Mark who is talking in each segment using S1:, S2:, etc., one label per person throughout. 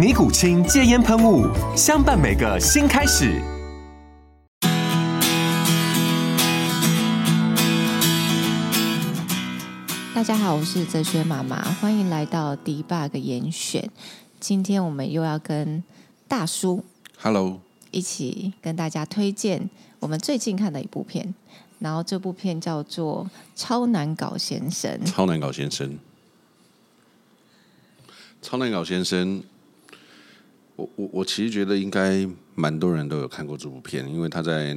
S1: 尼古清戒煙噴霧，相伴每個新開始。
S2: 大家好，我是哲學媽媽，歡迎來到 DEBUG 嚴選。今天我們又要跟大叔 Hello 一起跟大家推薦我們最近看的一部片，Hello. 然後這部片叫做《超難搞先生》。
S1: 超難搞先生，超難搞先生。我我我其實覺得應該蠻多人都有看過這部片，因為他在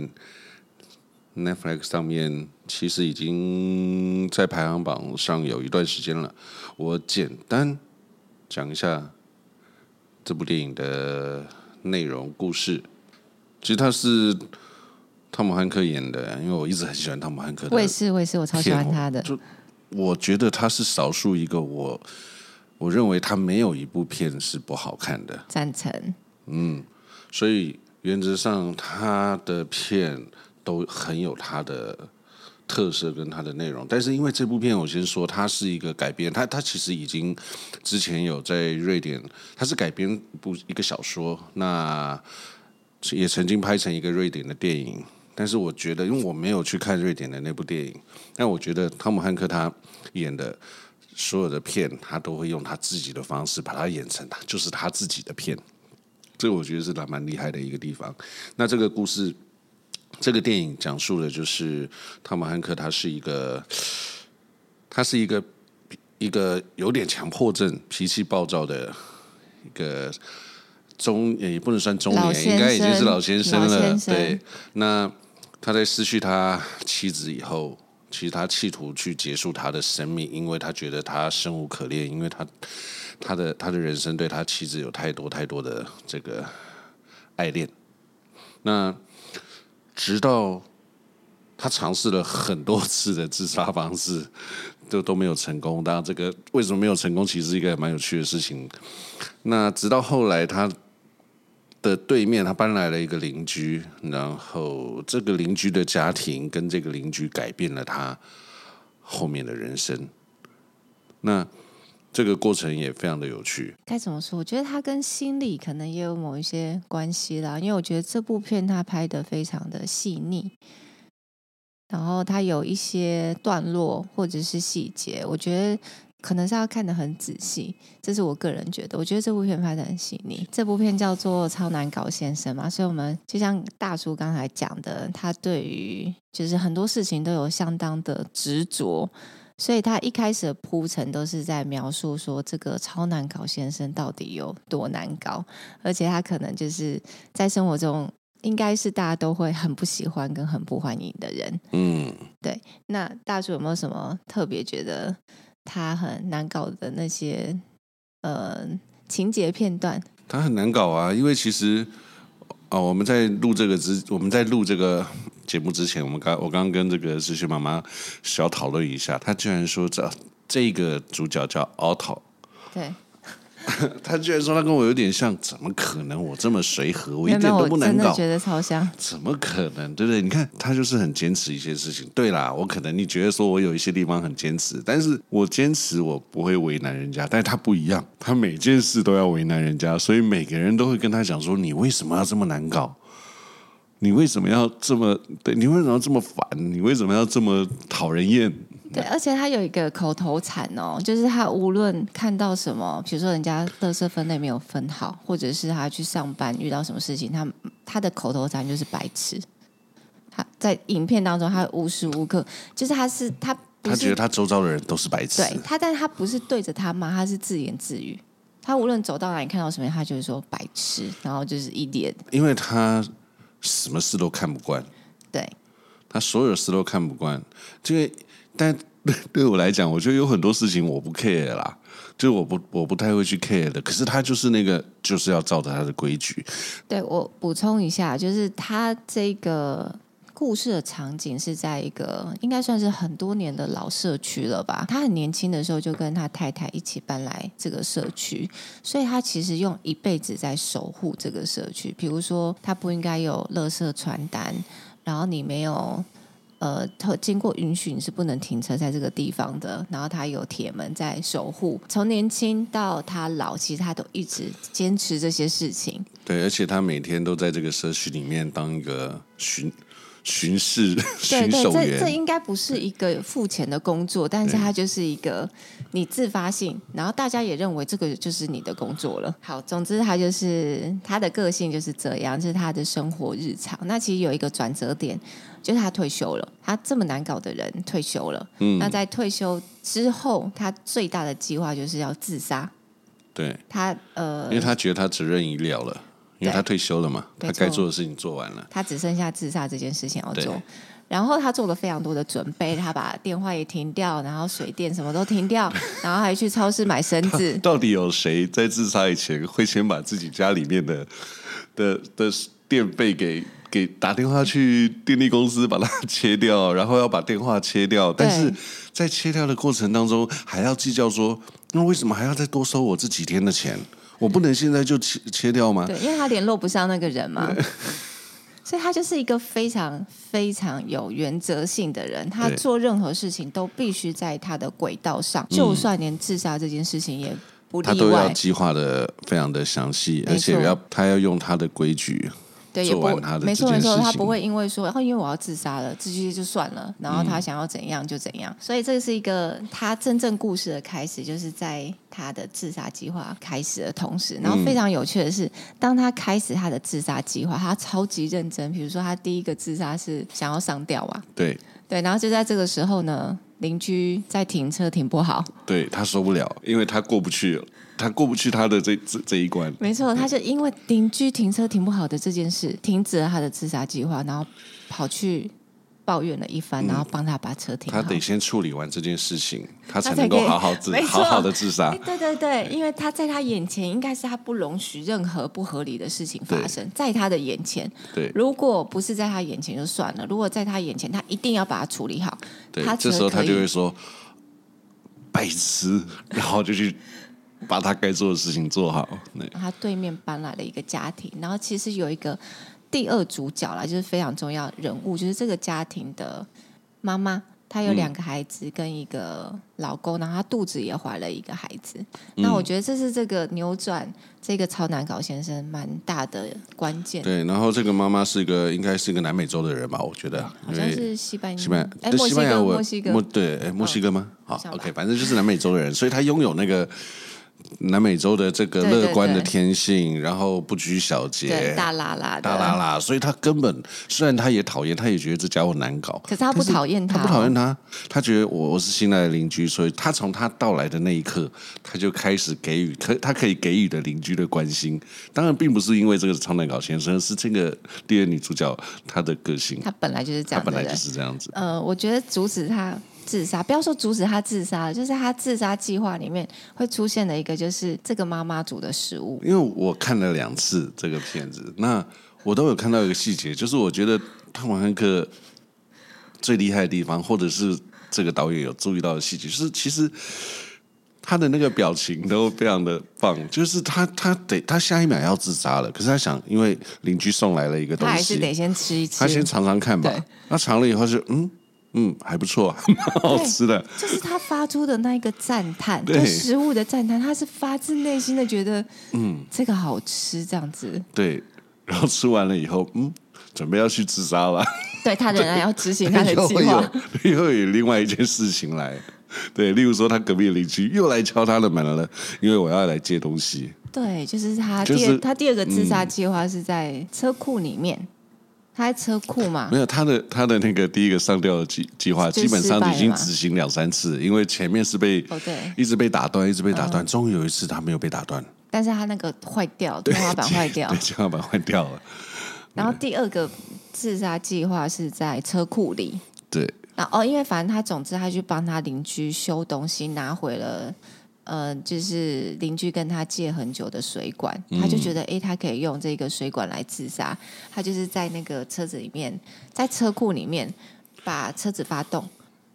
S1: Netflix 上面其實已經在排行榜上有一段時間了。我簡單講一下這部電影的內容故事。其實他是湯姆漢克演的，因為我一直很喜歡湯姆漢克，我也是
S2: 我也是，我超喜歡他的。
S1: 我就我覺得他是少數一個我。我認為他沒有一部片是不好看的，贊成。嗯，所以原則上他的片都很有他的特色跟他的內容。但是因為這部片，我先說他是一個改編，他他其實已經之前有在瑞典，他是改編一部一個小說，那也曾經拍成一個瑞典的電影。但是我覺得，因為我沒有去看瑞典的那部電影，但我覺得湯姆漢克他演的。所有的片，他都會用他自己的方式把它演成，就是他自己的片。這個我覺得是他蠻厲害的一個地方。那這個故事，這個電影講述的就是湯姆漢克，他是一個，他是一個一個有點強迫症、脾氣暴躁的一個中，也不能算中年，應該已經是老先生了。生對，那他在失去他妻子以後。其實他企圖去結束他的生命，因為他覺得他生無可戀，因為他他的他的人生對他妻子有太多太多的這個愛戀。那直到他嘗試了很多次的自殺方式，都都沒有成功。當然，這個為什麼沒有成功，其實是一個蠻有趣的事情。那直到後來他。的對面，他搬來了一個鄰居，然後這個鄰居的家庭跟這個鄰居改變了他後面的人生。那這個過程也非常的有趣。
S2: 該怎麼說？我覺得他跟心理可能也有某一些關係啦，因為我覺得這部片他拍得非常的細膩，然後他有一些段落或者是細節，我覺得。可能是要看得很仔細，這是我個人覺得。我覺得這部片拍得很細膩。這部片叫做《超難搞先生》嘛，所以我們就像大叔剛才講的，他對於就是很多事情都有相當的執着，所以他一開始的鋪陳都是在描述說這個超難搞先生到底有多難搞，而且他可能就是在生活中應該是大家都會很不喜歡跟很不歡迎的人。嗯，對。那大叔有沒有什麼特別覺得？他很難搞的那些呃情節片段，
S1: 他很難搞啊！因為其實，哦，我們在錄這個之，我們在錄這個節目之前，我們剛我剛跟這個師兄媽媽小討論一下，他居然說這這個主角叫 auto，
S2: 對。
S1: 他居然說他跟我有點像，怎麼可能？我這麼隨和，我一點都不難搞。我真
S2: 的覺得超像。怎麼可
S1: 能？對不對？你看他就是很堅持一些事情。對啦，我可能你覺得說我有一些地方很堅持，但是我堅持我不會為難人家，但是他不一樣，他每件事都要為難人家，所以每個人都會跟他講說：你為什麼要這麼難搞？你為什麼要這麼對？你為什麼要這麼煩？你為什麼要這麼討人厭？
S2: 對，而且他有一個口頭禪哦，就是他無論看到什麼，比如說人家垃圾分類沒有分好，或者是他去上班遇到什麼事情，他他的口頭禪就是“白痴”他。他在影片當中，他無時無刻，就是他是他是，他覺得他
S1: 周遭的人都是白痴。對，他，
S2: 但他不是對着他罵，他是自言自語。他無論走到哪裡，看到什麼，他就是說“白痴”，然後就是一臉，
S1: 因為他什麼事都看不慣。對，他所有事都看不慣，這個。但對，對我來講，我覺得有很多事情我不 care 啦，就我不我不太會去 care 的。可是他就是那個，就是要照着他的規矩。
S2: 對，我補充一下，就是他這個故事的場景是在一個應該算是很多年的老社區了吧？他很年輕的時候就跟他太太一起搬來這個社區，所以他其實用一輩子在守護這個社區。比如說，他不應該有垃圾傳單，然後你沒有。呃，他經過允許，你是不能停車在這個地方的。然後他有鐵門在守護。從年輕到他老，其實他都一直堅持這些事情。
S1: 對，而且他每天都在這個社區裡面當一個巡巡視、巡守員。對，對，這這應
S2: 該不是一個付錢的工作，對但是他就是一個你自發性。對然後大家也認為這個就是你的工作了。好，總之他就是他的個性就是這樣，是他的生活日常。那其實有一個轉折點。就是他退休了，他這麼難搞的人退休了。嗯。那在退休之後，他最大的計劃就是要自殺。
S1: 對。
S2: 他呃，因為他
S1: 覺得他責任已了了，因為他退休了嘛，對他該做的事情做完了，
S2: 他只剩下自殺這件事情要做。對然後他做了非常多的準備，他把電話也停掉，然後水電什麼都停掉， 然後還去超市買繩子。
S1: 到底有誰在自殺以前會先把自己家裡面的的的，的電費給？給打電話去電力公司把它切掉，然後要把電話切掉。對但是在切掉的過程當中，還要計較說，那為什麼還要再多收我這幾天的錢？對我不能現在就切切掉嗎？對，
S2: 因為他聯絡不上那個人嘛。對所以他就是一個非常非常有原則性的人。他做任何事情都必須在他的軌道上，對就算連自殺這件事情也不例外。他都要計
S1: 劃得非常的詳細，錯而且要他要用他的規矩。對，他的也不，沒錯沒錯，他不
S2: 會因為說，然後因為我要自殺了，自盡就算了，然後他想要怎樣就怎樣。嗯、所以這是一個他真正故事的開始，就是在他的自殺計劃開始的同時，然後非常有趣的是，嗯、當他開始他的自殺計劃，他超級認真。比如說，他第一個自殺是想要上吊啊，對對，然後就在這個時候呢，鄰居在停車停不好，
S1: 對，他受不了，因為他過不去了。他過不去他的這這這一關，
S2: 沒錯，他就因為鄰居停車停不好的這件事，停止了他的自殺計劃，然後跑去抱怨了一番，然後幫他把車停。他得
S1: 先處理完這件事情，
S2: 他才能夠好好自好好的自殺。對對對，因為他在他眼前，應該是他不容許任何不合理的事情發生在他的眼前。對，如果不是在他眼前就算了，如果在他眼前，他一定要把它處理好。對，這時候他就會
S1: 說，白痴，然後就去。把他該做的事情做好。
S2: 他對面搬來了一個家庭，然後其實有一個第二主角啦，就是非常重要人物，就是這個家庭的媽媽，
S1: 她有兩個
S2: 孩子跟一個老公，然後她肚子也懷了一個孩子。那我覺得這是這個扭轉這個超難搞先生蠻大的關鍵。對，
S1: 然後這個媽媽是一個應該是一個南美洲的人吧？我覺得
S2: 好像是西班牙、西班牙、墨西哥、墨
S1: 西哥，對，墨西哥嗎？好，OK，反正就是南美洲的人，所以他擁有那個。南美洲的這個樂觀的天性，對對對對，然後不拘小節，大喇
S2: 喇大喇喇，
S1: 所以他根本，雖然他也討厭，他也覺得這家伙難搞，可是他不討
S2: 厭他，他不討厭他，
S1: 他覺得我我是新來的鄰居，所以他從他到來的那一刻，他就開始給予可他可以給予的鄰居的關心。當然，並不是因為這個是超難搞先生，是這個第二女主角她的個
S2: 性，她本來就是這樣，她本來就是這樣子。嗯、呃，我覺得阻止他。自殺，不要說阻止他自殺，就是他自殺計劃裡面會出現的一個，就是這個媽媽煮的食物。因
S1: 為我看了兩次這個片子，那我都有看到一個細節，就是我覺得湯姆漢克最厲害的地方，或者是這個導演有注意到的細節，就是其實他的那個表情都非常的棒。就是他他得他下一秒要自殺了，可是他想，因為鄰居送來了一個東西，他還是得
S2: 先吃一吃，他先嘗
S1: 嘗看吧。他嘗對了以後就嗯。嗯，還不錯，啊，蠻好吃的。就
S2: 是他發出的那一個讚嘆，對食物的讚嘆，他是發自內心的覺得，嗯，這個好吃這樣子。
S1: 對，然後吃完了以後，嗯，準備要去自殺了。
S2: 對，他仍然要執行他的計劃，又
S1: 有，有另外一件事情來。對，例如說他隔壁鄰居又來敲他的門了，因為我要來借東西。
S2: 對，就是他，就是他第二、就是、他第二個自殺計劃是在車庫裡面。嗯他在車庫嘛？
S1: 沒有他的他的那個第一個上吊的計計劃，基本上已經執行兩三次，因為前面是被、
S2: oh, 對
S1: 一直被打斷，一直被打斷，嗯、終於有一次他沒有被打斷。嗯、打
S2: 斷但是他那個壞掉天花板壞掉，天
S1: 花對板壞掉了。掉
S2: 了然後第二個自殺計劃是在車庫裡。對，然後哦，因為反正他，總之他去幫他鄰居修東西，拿回了。呃，就是鄰居跟他借很久的水管，他就覺得哎，他可以用這個水管來自殺。他就是在那個車子裡面，在車庫裡面把車子發動，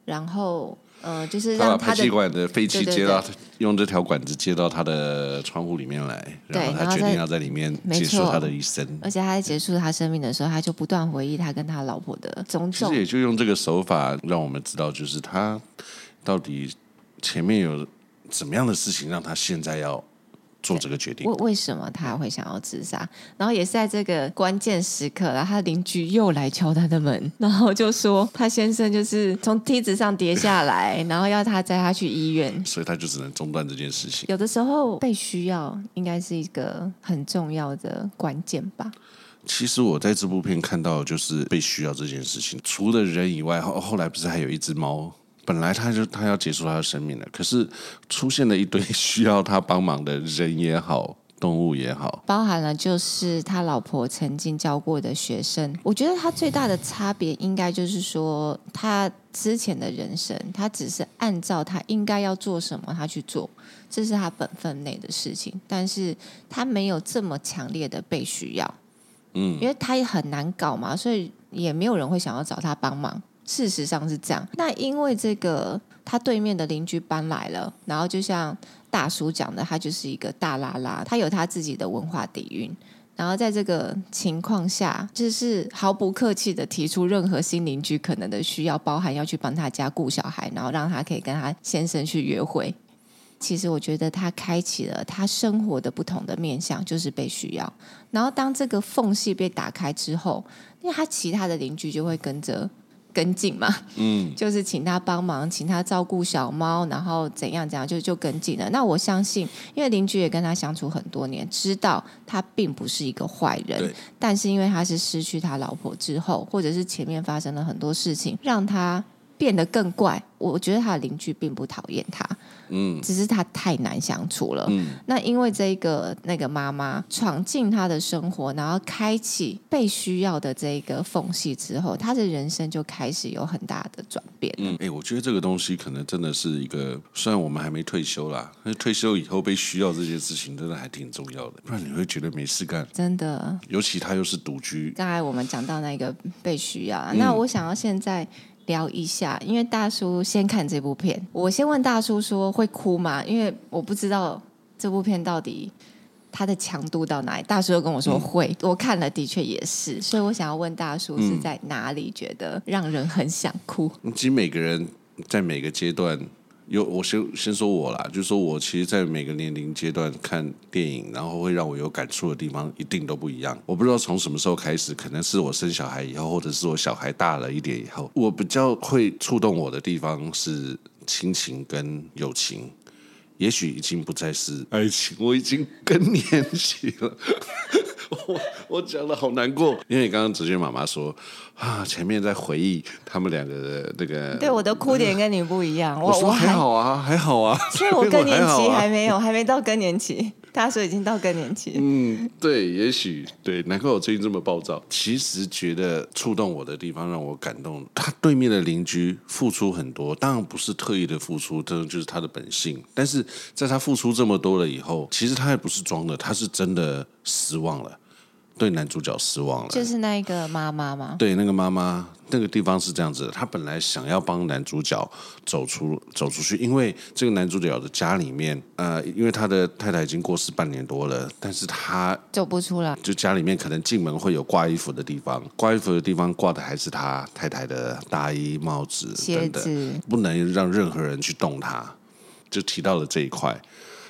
S2: 然後呃，就是讓排氣管的廢氣接到，對對
S1: 對用這條管子接到他的窗戶裡面來，對然後他決定要在裡面結束他的一生。
S2: 而且他在結束他生命的時候，對他就不斷回憶他跟他老婆的種種。也
S1: 就用這個手法讓我們知道，就是他到底前面有。怎麼樣的事情讓他現在要做這個決定？為
S2: 為什麼他會想要自殺？然後也是在這個關鍵時刻，然後他鄰居又來敲他的門，然後就說他先生就是從梯子上跌下來， 然後要他載他去醫院，
S1: 所以他就只能中斷這件事情。
S2: 有的時候被需要，應該是一個很重要的關鍵吧。
S1: 其實我在這部片看到就是被需要這件事情，除了人以外，後後來不是還有一隻貓？本來他就他要結束他的生命了，可是出現了一堆需要他幫忙的人也好，動物也
S2: 好，包含了就是他老婆曾經教過的學生。我覺得他最大的差別應該就是說，他之前的人生，他只是按照他應該要做什麼，他去做，這是他本分內的事情。但是他沒有這麼強烈的被需要，嗯，因為他也很難搞嘛，所以也沒有人會想要找他幫忙。事實上是這樣。那因為這個，他對面的鄰居搬來了，然後就像大叔講的，他就是一個大喇喇，他有他自己的文化底蘊。然後在這個情況下，就是毫不客氣的提出任何新鄰居可能的需要，包含要去幫他家顧小孩，然後讓他可以跟他先生去約會。其實我覺得他開啟了他生活的不同的面向，就是被需要。然後當這個縫隙被打開之後，因為他其他的鄰居就會跟着。跟進嘛，嗯，就是請他幫忙，請他照顧小貓，然後怎樣怎樣，就就跟進了。那我相信，因為鄰居也跟他相處很多年，知道他並不是一個壞人，對但是因為他是失去他老婆之後，或者是前面發生了很多事情，讓他變得更怪。我覺得他的鄰居並不討厭他。嗯，只是他太難相處了。嗯，那因為這一個那個媽媽闖進他的生活，然後開啟被需要的這一個縫隙之後，他的人生就開始有很大的轉變。嗯，
S1: 哎、欸，我覺得這個東西可能真的是一個，雖然我們還沒退休啦，那退休以後被需要這些事情真的還挺重要的，不然你會覺得沒事幹。真的，尤其他又是獨居。
S2: 剛才我們講到那個被需要，嗯、那我想要現在。聊一下，因為大叔先看這部片，我先問大叔說會哭嗎？因為我不知道這部片到底它的強度到哪裡。大叔又跟我說會，嗯、我看了的確也是，所以我想要問大叔是在哪裡覺得讓人很想哭。嗯、
S1: 其實每個人在每個階段。有我先先說我啦，就是、說我其實，在每個年齡階段看電影，然後會讓我有感觸的地方，一定都不一樣。我不知道從什麼時候開始，可能是我生小孩以後，或者是我小孩大了一點以後，我比較會觸動我的地方是親情跟友情，也許已經不再是愛情。我已經更年期了。 我 我講得好難過，因為你剛剛直接媽媽說啊，前面在回憶他們兩個的那個，對，
S2: 我的哭點跟你不一樣。我，我說還好
S1: 啊，還，還好啊，所以我更年期還沒
S2: 有， 還沒到更年期。他說已經到更年期。
S1: 嗯，對，也許，對，難怪我最近這麼暴躁。其實覺得觸動我的地方，讓我感動。他對面的鄰居付出很多，當然不是特意的付出，這種就是他的本性。但是在他付出這麼多了以後，其實他也不是裝的，他是真的失望了。對男主角失望了，就
S2: 是那個媽媽嗎？
S1: 對，那個媽媽，那個地方是這樣子。她本來想要幫男主角走出，走出去，因為這個男主角的家裡面，呃，因為他的太太已經過世半年多了，但是他
S2: 走不出來。
S1: 就家裡面可能進門會有掛衣服的地方，掛衣服的地方掛的還是他太太的大衣、帽子等等、鞋子，不能讓任何人去動他。就提到了這一塊，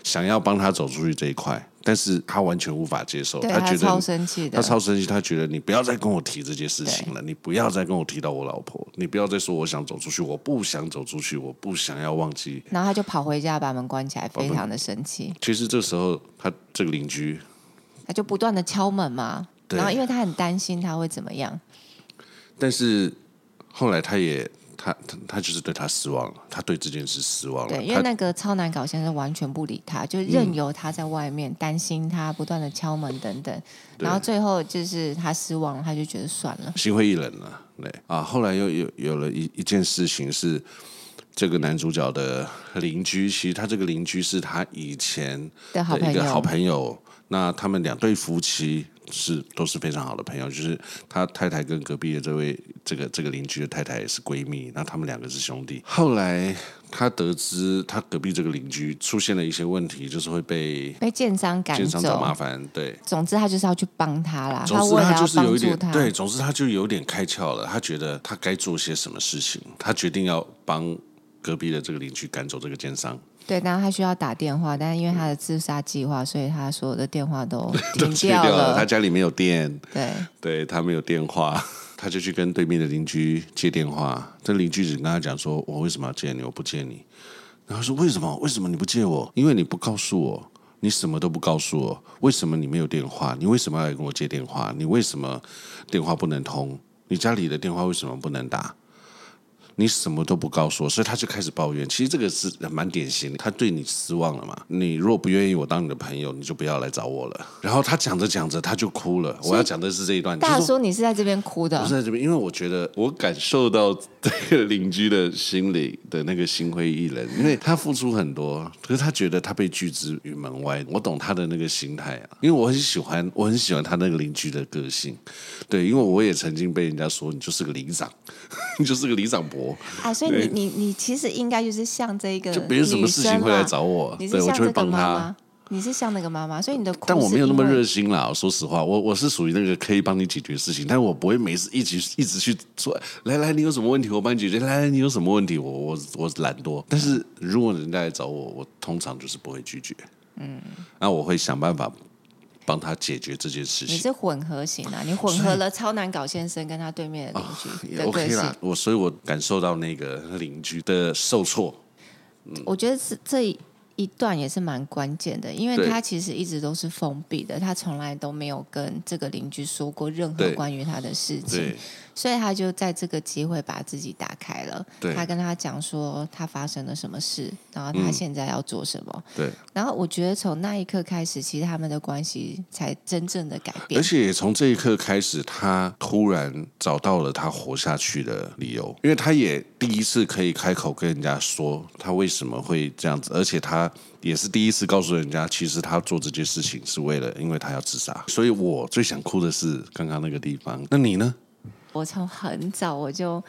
S1: 想要幫他走出去這一塊。但是他完全無法接受，對他覺得他超生氣的，他超生氣，他覺得你不要再跟我提這件事情了，對你不要再跟我提到我老婆，你不要再說我想走出去，我不想走出去，我不想要忘記。
S2: 然後他就跑回家，把門關起來，哦、非常的生氣。
S1: 其實這時候，他這個鄰居，
S2: 他就不斷的敲門嘛，對然後因為他很擔心他會怎麼樣。
S1: 但是後來他也。他他就是對他失望了，他對這件事失望了。對，因為那
S2: 個超難搞先生完全不理他，他就任由他在外面，嗯、擔心他，不斷的敲門等等，對然後最後就是他失望了，他就覺得算了，
S1: 心灰意冷了。對啊，後來又有有了一一件事情是，這個男主角的鄰居，其實他這個鄰居是他以前
S2: 的一個好朋友，好朋
S1: 友那他們兩對夫妻。是，都是非常好的朋友。就是他太太跟隔壁的這位，這個這個鄰居的太太也是閨蜜，那他們兩個是兄弟。後來他得知他隔壁這個鄰居出現了一些問題，就是會被被
S2: 奸商趕走，奸商找麻煩。對，總之他就是要去幫他啦，他了幫他。總之他就是有一點，對，
S1: 總之他就有點開竅了。他覺得他該做些什麼事情，他決定要幫隔壁的這個鄰居趕走這個奸商。
S2: 對，然後他需要打電話，但因為他的自殺計劃，嗯、所以他所有的電話都停掉了。 他
S1: 家裡沒有電，
S2: 對，
S1: 對，他沒有電話，他就去跟對面的鄰居接電話。這鄰居只跟他講說：“我為什麼要接你？我不接你。”然後說：“為什麼？為什麼你不接我？因為你不告訴我，你什麼都不告訴我。為什麼你沒有電話？你為什麼要來跟我接電話？你為什麼電話不能通？你家裡的電話為什麼不能打？”你什麼都不告訴我，所以他就開始抱怨。其實這個是蠻典型的，他對你失望了嘛？你若不願意我當你的朋友，你就不要來找我了。然後他講着講着，他就哭了。以我要講的是這一段。就是說，
S2: 大叔，你是在這邊哭的？不是
S1: 在這邊，因為我覺得我感受到這個鄰居的心裡的那個心灰意冷，因為他付出很多，可是他覺得他被拒之於門外。我懂他的那個心態啊，因為我很喜歡，我很喜歡他那個鄰居的個性。對，因為我也曾經被人家說你就是個里長，你就是個里長伯。 啊，所以你
S2: 對你你其實應該就是像這一個，就別人什麼事情會來找我，你是像對像這個媽媽我就會幫他，你是像那個媽媽，所以你的，但我沒有那麼熱
S1: 心啦。說實話，我我是屬於那個可以幫你解決事情，但我不會每次一直一直去說，來來，你有什麼問題我幫你解決，來來，你有什麼問題我我我懶惰。但是如果人家來找我，我通常就是不會拒絕，嗯，那我會想辦法。幫他解決這件事情。你是
S2: 混合型啊。你混合了超難搞先生跟他對面的鄰居，對不對？
S1: 我所以，我感受到那個鄰居的受挫。
S2: 我覺得是這一段也是蠻關鍵的，因為他其實一直都是封閉的，他從來都沒有跟這個鄰居說過任何關於他的事情。所以他就在這個機會把自己打開了，他跟他講說他發生了什麼事，然後他現在要做什麼。對，然後我覺得從那一刻開始，其實他們的關係才真正的改變。而且
S1: 從這一刻開始，他突然找到了他活下去的理由，因為他也第一次可以開口跟人家說他為什麼會這樣子，而且他也是第一次告訴人家，其實他做這件事情是為了，因為他要自殺。所以我最想哭的是剛剛那個地方，那你呢？
S2: 我從很早我就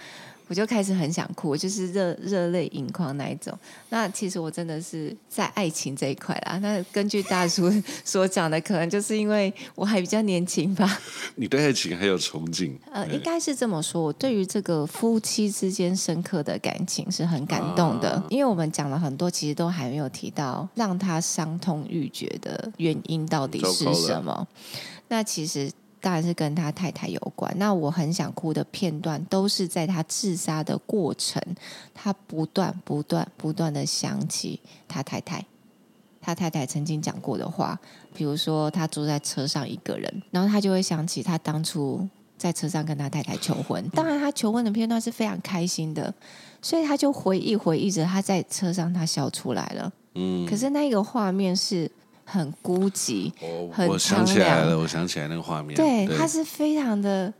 S2: 我就開始很想哭，我就是熱熱淚盈眶那一種。那其實我真的是在愛情這一塊啦，那根據大叔所講的，可能就是因為我還比較年輕吧。
S1: 你對愛情還有憧憬？
S2: 呃，對應該是這麼說。我對於這個夫妻之間深刻的感情是很感動的，啊、因為我們講了很多，其實都還沒有提到讓他傷痛欲絕的原因到底是什麼？那其實。當然是跟他太太有關。那我很想哭的片段，都是在他自殺的過程，他不斷、不斷、不斷的想起他太太，他太太曾經講過的話，比如說他坐在車上一個人，然後他就會想起他當初在車上跟他太太求婚。當然，他求婚的片段是非常開心的，所以他就回憶、回憶着他在車上他笑出來了。嗯，可是那一個畫面是。很孤寂，我，很我想起來了，
S1: 我想起來那個畫面。對，對他是
S2: 非常的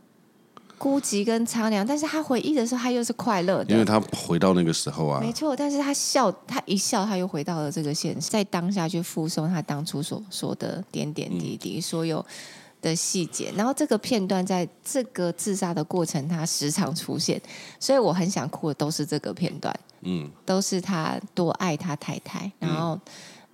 S2: 孤寂跟蒼涼，但是他回憶的時候，他又是快樂的。因為他
S1: 回到那個時候啊，沒
S2: 錯。但是他笑，他一笑，他又回到了這個現實，在當下去複誦他當初所說的點點滴滴，所有的細節。嗯、然後這個片段在這個自殺的過程，他時常出現，所以我很想哭的都是這個片段。嗯，都是他多愛他太太，然後、嗯。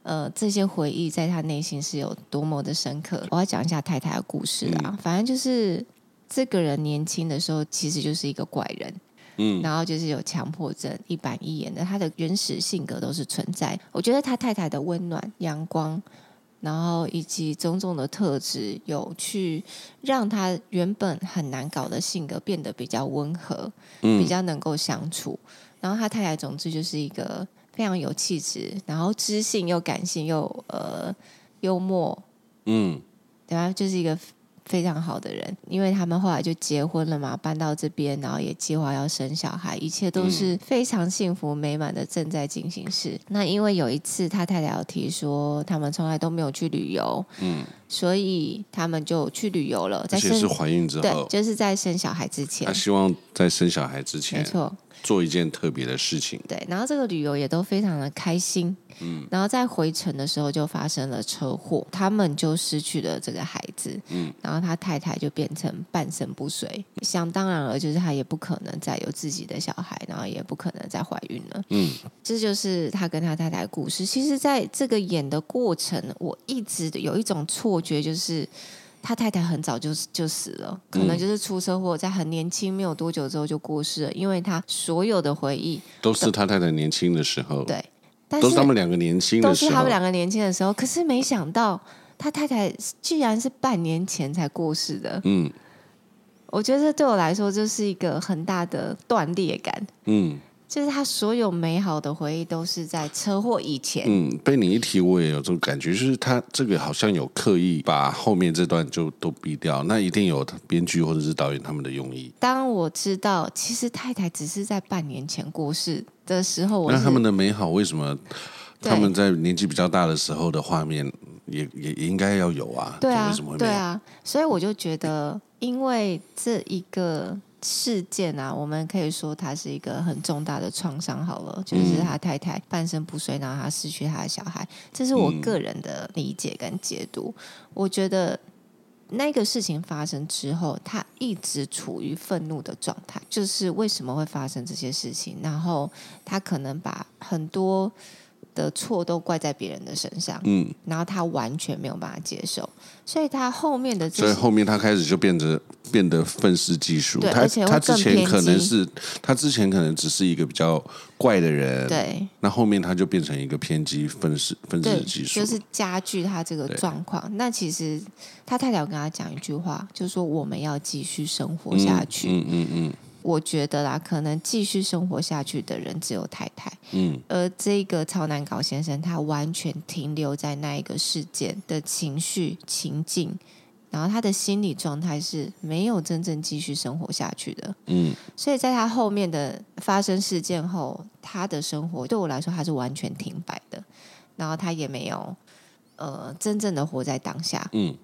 S2: 呃，這些回憶在他內心是有多麼的深刻？我要講一下太太的故事啊。嗯，反正就是這個人年輕的時候，其實就是一個怪人，嗯，然後就是有強迫症、一板一眼的，他的原始性格都是存在。我覺得他太太的溫暖、陽光，然後以及種種的特質，有去讓他原本很難搞的性格變得比較溫和，嗯，比較能夠相處。然後他太太總之就是一個。非常有氣質，然後知性又感性又呃幽默，嗯，對吧？就是一個非常好的人。因為他們後來就結婚了嘛，搬到這邊，然後也計劃要生小孩，一切都是非常幸福美滿的正在進行式。嗯，那因為有一次他太太有提說，他們從來都沒有去旅遊，嗯。所以他們就去旅遊了。在生，而且是懷孕之後，對，就是在生小孩之前。他、啊、希
S1: 望在生小孩之前，沒錯，做一件特別的事情。對，
S2: 然後這個旅遊也都非常的開心。嗯，然後在回程的時候就發生了車禍，他們就失去了這個孩子。嗯，然後他太太就變成半身不遂，嗯、想當然了，就是他也不可能再有自己的小孩，然後也不可能再懷孕了。嗯，這就是他跟他太太的故事。其實，在這個演的過程，我一直有一種錯我覺得就是他太太很早就就死了，可能就是出車禍，在很年輕沒有多久之後就過世了。因為他所有的回憶都是他
S1: 太太年輕的時候，
S2: 對，但是都是他們兩
S1: 個年輕的時候，都是他們兩
S2: 個年輕的時候。可是沒想到他太太居然是半年前才過世的。嗯，我覺得這對我來說就是一個很大的斷裂感。嗯。就是他所有美好的回憶都是在車禍以前。嗯，
S1: 被你一提，我也有這種感覺，就是他這個好像有刻意把後面這段就都避掉，那一定有編劇或者是導演他們的用意。
S2: 當我知道其實太太只是在半年前過世的時候，那他們
S1: 的美好為什麼？
S2: 他們
S1: 在年紀比較大的時候的畫面也對也，也應該要有啊？對啊，對啊，為什麼
S2: 會沒有？所以我就覺得，因為這一個。事件啊，我們可以說他是一個很重大的創傷，好了，就是他太太半身不遂，然後他失去他的小孩，這是我個人的理解跟解讀。嗯。我覺得那個事情發生之後，他一直處於憤怒的狀態，就是為什麼會發生這些事情，然後他可能把很多。的錯都怪在別人的身上，嗯，然後他完全沒有辦法接受，所以他後面的，所以後
S1: 面他開始就變得變得憤世嫉俗，對他他之前可能是他之前可能只是一個比較怪的人，對，那後面他就變成一個偏激憤世憤世嫉俗，就是
S2: 加劇他這個狀況。對對那其實他太太有跟他講一句話，就是說我們要繼續生活下去，嗯嗯嗯。嗯嗯嗯我覺得啦，可能繼續生活下去的人只有太太，嗯，而這個超難搞先生，他完全停留在那一個事件的情緒、情境，然後他的心理狀態是沒有真正繼續生活下去的，嗯，所以在他後面的發生事件後，他的生活對我來說，他是完全停擺的，然後他也沒有呃，真正的活在當下，嗯。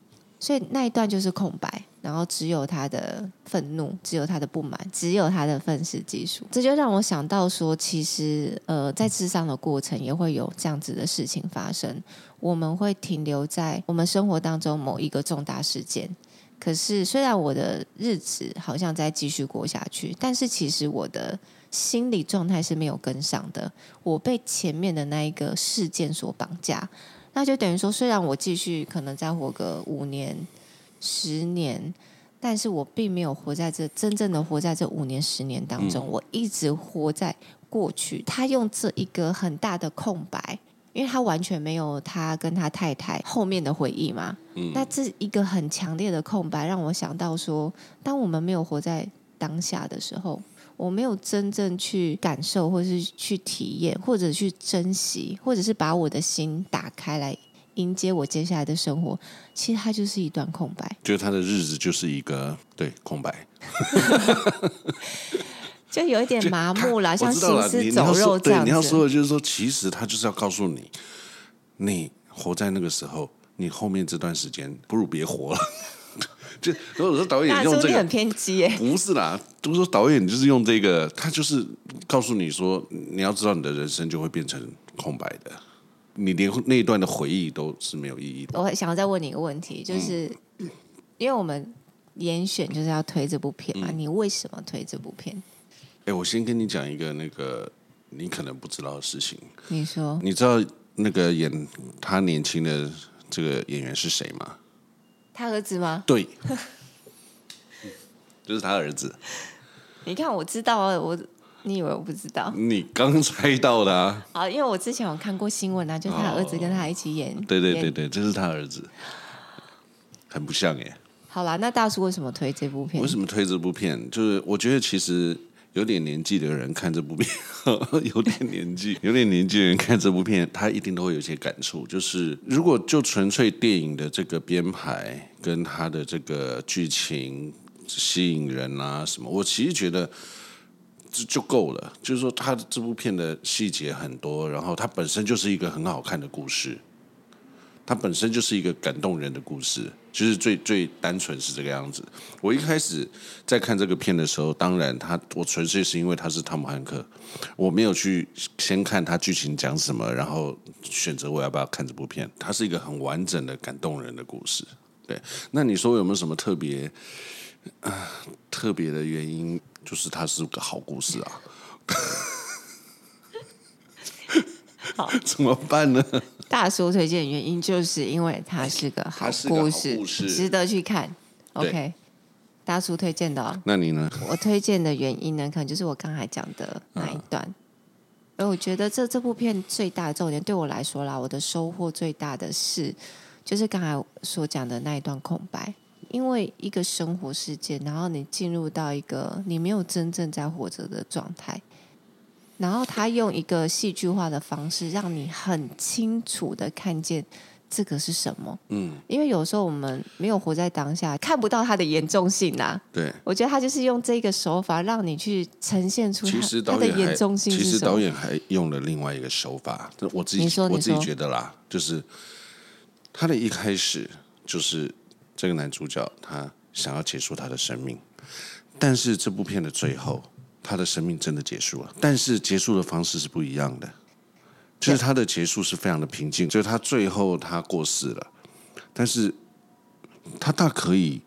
S2: 所以那一段就是空白，然後只有他的憤怒，只有他的不滿，只有他的憤世嫉俗。這就讓我想到說，其實呃，在諮商的過程也會有這樣子的事情發生。我們會停留在我們生活當中某一個重大事件，可是雖然我的日子好像在繼續過下去，但是其實我的心理狀態是沒有跟上的。我被前面的那一個事件所綁架。那就等於說，雖然我繼續可能再活個五年、十年，但是我並沒有活在這真正的活在這五年、十年當中。我一直活在過去。他用這一個很大的空白，因為他完全沒有他跟他太太後面的回憶嘛。嗯嗯。那這一個很強烈的空白，讓我想到說，當我們沒有活在當下的時候。我沒有真正去感受，或是去體驗，或者去珍惜，或者是把我的心打開來迎接我接下來的生活。其實它就是一段空白，
S1: 就他的日子就是一個對空白，
S2: 就有一點麻木了，他像行屍走肉這樣子你你。你要說的就
S1: 是說，其實他就是要告訴你，你活在那個時候，你後面這段時間不如別活了。就如果說導演用這個，很
S2: 偏激耶，
S1: 不是啦。就是說導演就是用這個，他就是告訴你說，你要知道你的人生就會變成空白的，你連那一段的回憶都是沒有意義
S2: 的。我想要再問你一個問題，就是因為我們嚴選就是要推這部片嘛，你為什麼推這部片？
S1: 哎，我先跟你講一個那個你可能不知道的事情。
S2: 你說，
S1: 你知道那個演他年輕的這個演員是誰嗎？
S2: 他兒子嗎？
S1: 對， 就是他兒子。
S2: 你看，我知道啊，我你以為我不知道？
S1: 你剛猜到的啊！
S2: 啊，因為我之前有看過新聞啊，就是他兒子跟他一起演。哦、對對對對，
S1: 演，就是他兒子，很不像耶。
S2: 好啦，那大叔為什麼推這部片？為什
S1: 麼推這部片？就是我覺得其實。有點年紀的人看這部片， 有點年紀，有點年紀的人看這部片，他一定都會有一些感觸。就是如果就純粹電影的這個編排跟他的這個劇情吸引人啊什麼，我其實覺得這就夠了。就是說，他的這部片的細節很多，然後它本身就是一個很好看的故事。它本身就是一個感動人的故事，就是最最單純是這個樣子。我一開始在看這個片的時候，當然他我純粹是因為他是湯姆漢克，我沒有去先看他劇情講什麼，然後選擇我要不要看這部片。它是一個很完整的感動人的故事。對，那你說有沒有什麼特別？呃，特別的原因就是它是個好故事啊。嗯， 好，怎麼辦呢？
S2: 大叔推薦原因就是因為他是個好故事，故事值得去看。對 OK，大叔推薦的、哦。
S1: 那你呢？我
S2: 推薦的原因呢，可能就是我剛才講的那一段。啊、而我覺得這這部片最大的重點對我來說啦，我的收穫最大的是，就是剛才所講的那一段空白，因為一個生活事件，然後你進入到一個你沒有真正在活着的狀態。然後他用一個戲劇化的方式，讓你很清楚的看見這個是什麼。嗯，因為有時候我們沒有活在當下，看不到他的嚴重性吶、啊。對，我覺得他就是用這個手法，讓你去呈現出他其實他的嚴重性。其實導
S1: 演還用了另外一個手法，我自己說我自己覺得啦，說就是他的一開始就是這個男主角他想要結束他的生命，但是這部片的最後。他的生命真的結束了，但是結束的方式是不一樣的。對就是他的結束是非常的平靜，就是他最後他過世了，但是他大可以，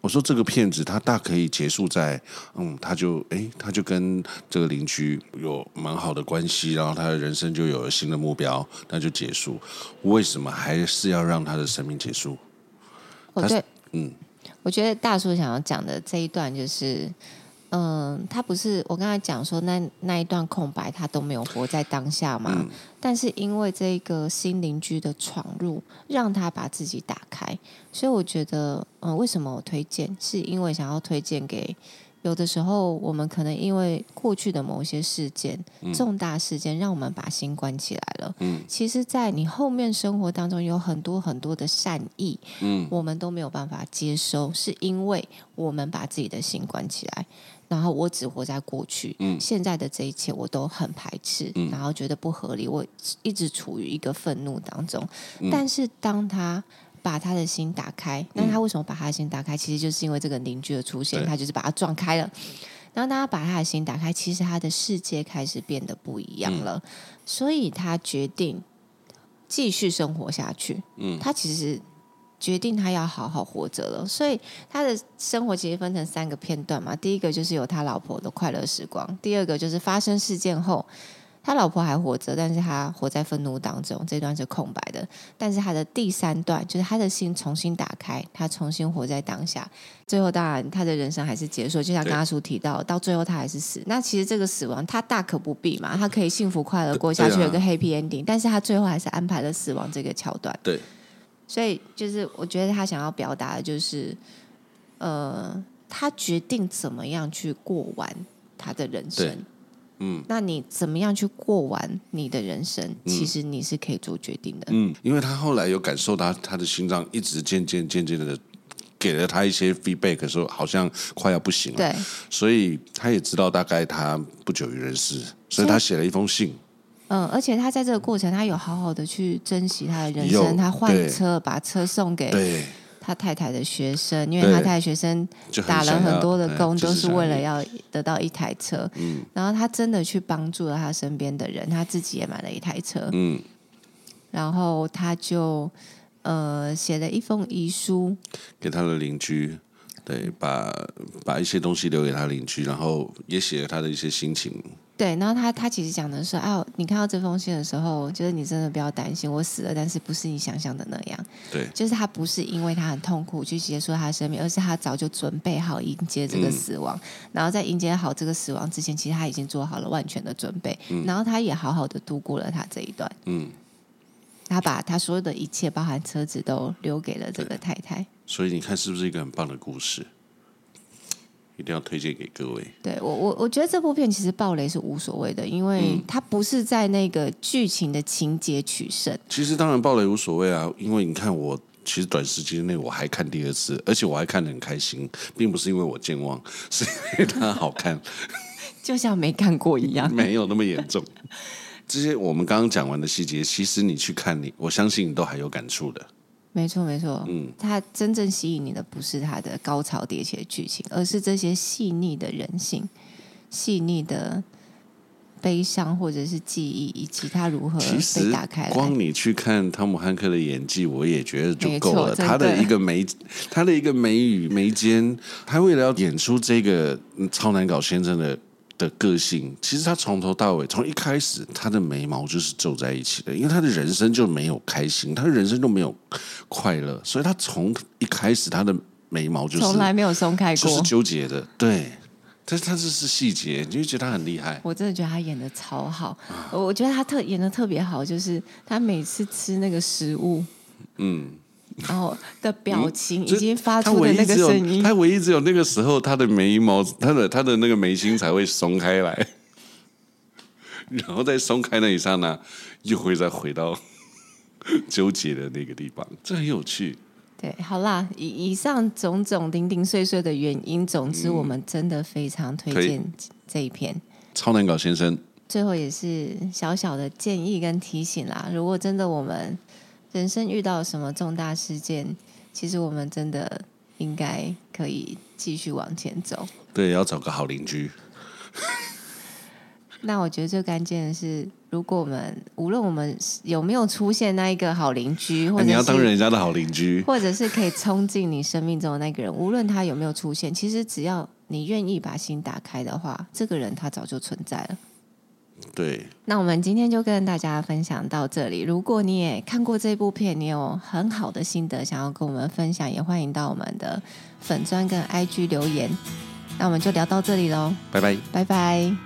S1: 我說這個片子他大可以結束在，嗯，他就誒，他就跟這個鄰居有蠻好的關係，然後他的人生就有了新的目標，那就結束。為什麼還是要讓他的生命結束？哦、
S2: 對，嗯，我覺得大叔想要講的這一段就是。嗯，他不是我剛才講說那那一段空白他都沒有活在當下嘛？嗯、但是因為這一個新鄰居的闖入，讓他把自己打開。所以我覺得，嗯，為什麼我推薦？是因為想要推薦給有的時候，我們可能因為過去的某些事件、嗯、重大事件，讓我們把心關起來了。嗯，其實，在你後面生活當中有很多很多的善意，嗯，我們都沒有辦法接收，是因為我們把自己的心關起來。然後我只活在過去，嗯、現在的這一切我都很排斥，嗯、然後覺得不合理，我一直處於一個憤怒當中。嗯、但是當他把他的心打開，嗯、那他為什麼把他的心打開？其實就是因為這個鄰居的出現，對他就是把他撞開了。然後當他把他的心打開，其實他的世界開始變得不一樣了，嗯、所以他決定繼續生活下去。嗯，他其實是。決定他要好好活着了，所以他的生活其實分成三個片段嘛。第一個就是有他老婆的快樂時光，第二個就是發生事件後，他老婆還活着，但是他活在憤怒當中，這段是空白的。但是他的第三段就是他的心重新打開，他重新活在當下。最後當然他的人生還是結束，就像剛剛叔提到，對到最後他還是死。那其實這個死亡他大可不必嘛，他可以幸福快樂過下去，有個 happy ending，對啊。但是他最後還是安排了死亡這個橋段。對。所以，就是我覺得他想要表達的就是，呃，他決定怎麼樣去過完他的人生。對，嗯。那你怎麼樣去過完你的人生？嗯，其實你是可以做決定的。嗯，
S1: 因為他後來有感受到他的心臟一直漸漸漸漸的給了他一些 feedback，說好像快要不行了。對。所以他也知道大概他不久於人世，所以他寫了一封信。
S2: 嗯，而且他在這個過程，他有好好的去珍惜他的人生。有他換車，對把車送給他太太的學生，對因為他太太學生打了很多的工，都是為了要得到一台車。嗯，然後他真的去幫助了他身邊的人，他自己也買了一台車。嗯，然後他就呃寫了一封遺書
S1: 給他的鄰居。對，把把一些東西留給他鄰居，然後也寫了他的一些心情。
S2: 對，然後他他其實講的是，哦、啊，你看到這封信的時候，就是你真的不要擔心，我死了，但是不是你想象的那樣。對，就是他不是因為他很痛苦去結束他的生命，而是他早就準備好迎接這個死亡。嗯。然後在迎接好這個死亡之前，其實他已經做好了萬全的準備。嗯。然後他也好好的度過了他這一段。嗯。他把他所有的一切，包含車子，都留給了這個太太。所
S1: 以你看，是不是一個很棒的故事？一定要推薦給各位。
S2: 對我，我我覺得這部片其實爆雷是無所謂的，因為它不是在那個劇情的情節取勝。嗯。
S1: 其實當然爆雷無所謂啊，因為你看我，其實短時間內我還看第二次，而且我還看得很開心，並不是因為我健忘，是因為它好看，
S2: 就像沒看過一樣。沒
S1: 有那麼嚴重。這些我們剛剛講完的細節，其實你去看你，我相信你都還有感觸的。
S2: 沒錯，沒錯。嗯，他真正吸引你的不是他的高潮迭起的劇情，而是這些細膩的人性、細膩的悲傷或者是記憶，以及他如何被打開。其實光
S1: 你去看湯姆漢克的演技，我也覺得就夠了。他的，的一個眉，他的一個眉宇眉間，他為了要演出這個超難搞先生的。的個性，其實他從頭到尾，從一開始他的眉毛就是皺在一起的，因為他的人生就沒有開心，他的人生都沒有快樂，所以他從一開始他的眉毛就是、從來沒有鬆開過，就是糾結的。對，但是他這是細節，你就覺得他很厲害。
S2: 我真的覺得他演得超好，我覺得他特演得特別好，就是他每次吃那個食物，
S1: 嗯。
S2: 然哦，的表情，已經發出的那個聲音，
S1: 他、嗯、唯、唯一只有那個時候，他的眉毛，他的他的那個眉心才會鬆開來，然後再鬆開那一剎那，又會再回到糾結的那個地方，這很有趣。
S2: 對，好啦，以以上種種零零碎碎的原因，總之我們真的非常推薦、嗯、這一篇
S1: 《超難搞先生》。
S2: 最後也是小小的建議跟提醒啦，如果真的我們。人生遇到什麼重大事件，其實我們真的應該可以繼續往前走。
S1: 對，要找個好鄰居。
S2: 那我覺得最關鍵的是，如果我們無論我們有沒有出現那一個好鄰居，或者、欸、你要當人
S1: 家的好鄰居，或
S2: 者是可以衝進你生命中的那個人，無論他有沒有出現，其實只要你願意把心打開的話，這個人他早就存在了。對，那我們今天就跟大家分享到這裡。如果你也看過這部片，你有很好的心得想要跟我們分享，也歡迎到我們的粉專跟 IG 留言。那我們就聊到這裡嘍，拜拜 bye，拜拜。